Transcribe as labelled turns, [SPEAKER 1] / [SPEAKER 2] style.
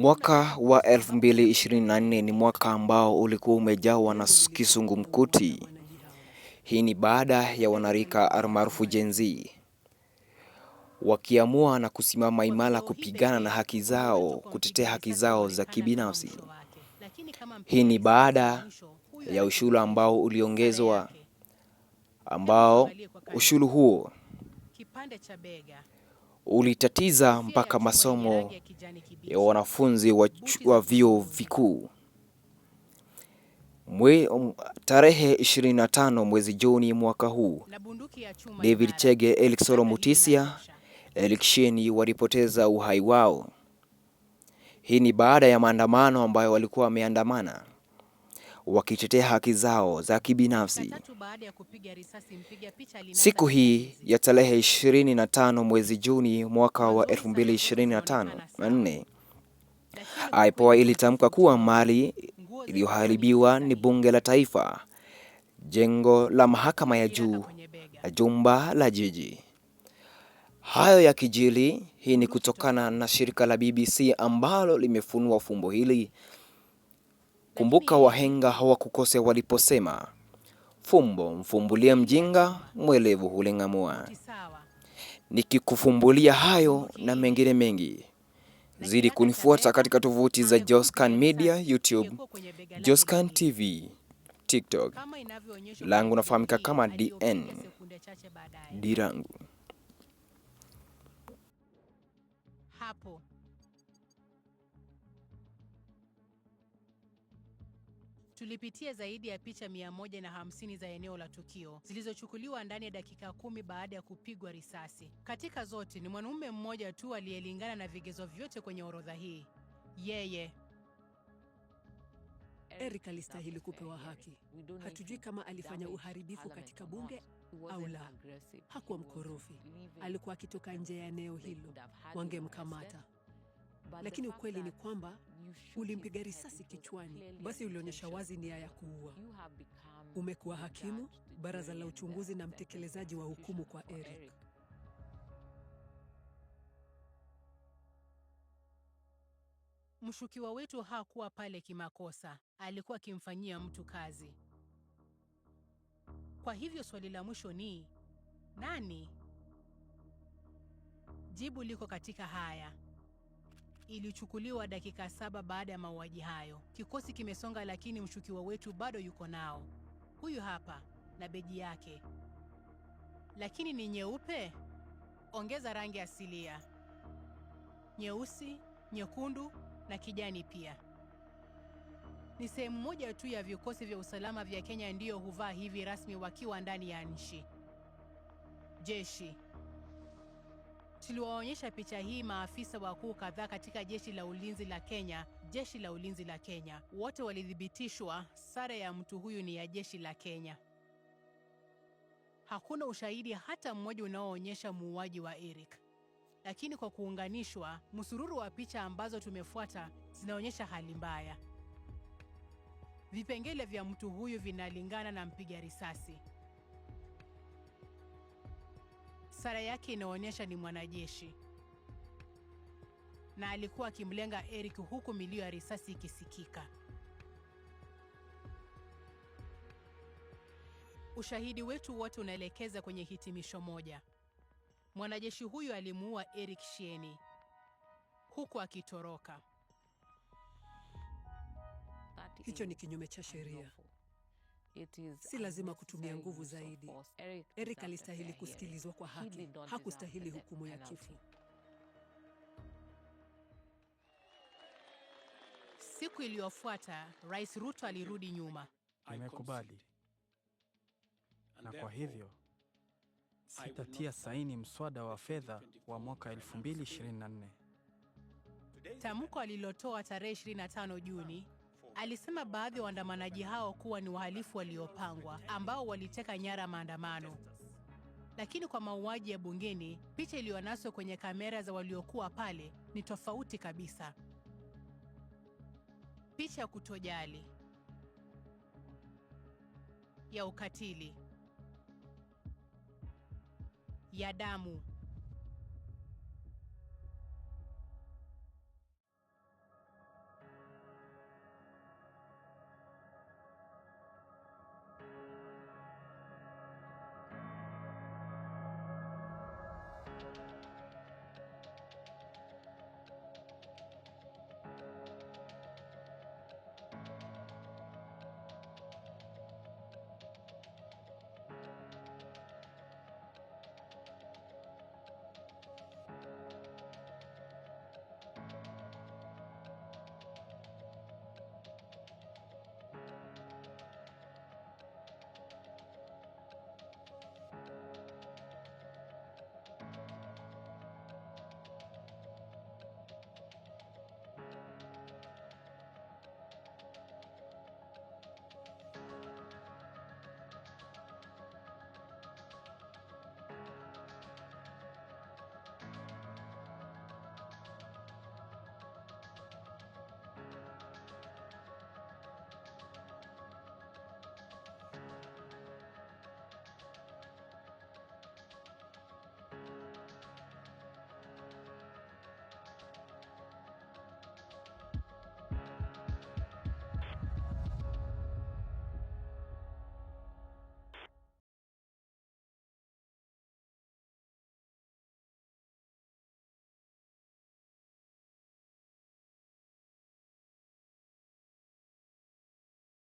[SPEAKER 1] Mwaka wa 2024 ni mwaka ambao ulikuwa umejawa na kisungumkuti. Hii ni baada ya wanarika almaarufu Gen Z wakiamua na kusimama imara kupigana na haki zao, kutetea haki zao za kibinafsi. Hii ni baada ya ushuru ambao uliongezwa, ambao ushuru huo ulitatiza mpaka masomo ya wanafunzi wa, wa vyuo vikuu. Tarehe 25 mwezi Juni mwaka huu, David Chege, Eliksolo Mutisia, Eliksheni walipoteza uhai wao. Hii ni baada ya maandamano ambayo walikuwa wameandamana wakitetea haki zao za kibinafsi. Siku hii ya tarehe 25 mwezi Juni mwaka wa 2024 IPOA ilitamka kuwa mali iliyoharibiwa ni bunge la taifa, jengo la mahakama ya juu na jumba la jiji. Hayo ya kijili, hii ni kutokana na shirika la BBC ambalo limefunua fumbo hili Kumbuka wahenga hawakukosea waliposema fumbo mfumbulia mjinga, mwelevu huling'amua. Nikikufumbulia hayo na mengine mengi, zidi kunifuata katika tovuti za Joscan Media, YouTube, Joscan TV, TikTok. Langu nafahamika kama DN Dirangu. Tulipitia zaidi ya picha 150 za eneo
[SPEAKER 2] la tukio zilizochukuliwa ndani ya dakika kumi baada ya kupigwa risasi. Katika zote ni mwanaume mmoja tu aliyelingana na vigezo vyote kwenye orodha hii, yeye Eric alistahili kupewa haki. Hatujui kama alifanya uharibifu katika bunge au la. Hakuwa mkorofi, alikuwa akitoka nje ya eneo hilo, wangemkamata. Lakini ukweli ni kwamba ulimpiga risasi kichwani, basi ulionyesha wazi nia ya kuua. Umekuwa hakimu, baraza la uchunguzi na mtekelezaji wa hukumu kwa Eric.
[SPEAKER 3] Mshukiwa wetu hakuwa pale kimakosa, alikuwa akimfanyia mtu kazi. Kwa hivyo swali la mwisho ni nani? Jibu liko katika haya ilichukuliwa dakika saba baada ya mauaji hayo. Kikosi kimesonga, lakini mshukiwa wetu bado yuko nao. Huyu hapa na beji yake, lakini ni nyeupe, ongeza rangi asilia, nyeusi, nyekundu na kijani pia. Ni sehemu moja tu ya vikosi vya usalama vya Kenya ndiyo huvaa hivi rasmi wakiwa ndani ya nchi. Jeshi Tuliwaonyesha picha hii maafisa wakuu kadhaa katika jeshi la ulinzi la Kenya, jeshi la ulinzi la Kenya. Wote walithibitishwa sare ya mtu huyu ni ya jeshi la Kenya. Hakuna ushahidi hata mmoja unaoonyesha muuaji wa Eric. Lakini kwa kuunganishwa, msururu wa picha ambazo tumefuata zinaonyesha hali mbaya. Vipengele vya mtu huyu vinalingana na mpiga risasi. Sara yake inaonyesha ni mwanajeshi na alikuwa akimlenga Eric huku milio ya risasi ikisikika. Ushahidi wetu wote unaelekeza kwenye hitimisho moja: mwanajeshi huyu alimuua Eric Shieni huku akitoroka.
[SPEAKER 2] Hicho ni kinyume cha sheria. Si lazima kutumia nguvu zaidi. Eric alistahili kusikilizwa kwa haki, hakustahili hukumu ya kifo.
[SPEAKER 3] Siku iliyofuata Rais Ruto alirudi nyuma.
[SPEAKER 1] Nimekubali, na kwa hivyo sitatia saini mswada wa fedha wa mwaka 2024.
[SPEAKER 3] Tamko alilotoa tarehe 25 Juni Alisema baadhi ya waandamanaji hao kuwa ni wahalifu waliopangwa ambao waliteka nyara maandamano. Lakini kwa mauaji ya bungeni, picha iliyonaswa kwenye kamera za waliokuwa pale ni tofauti kabisa. Picha ya kutojali, ya ukatili, ya damu.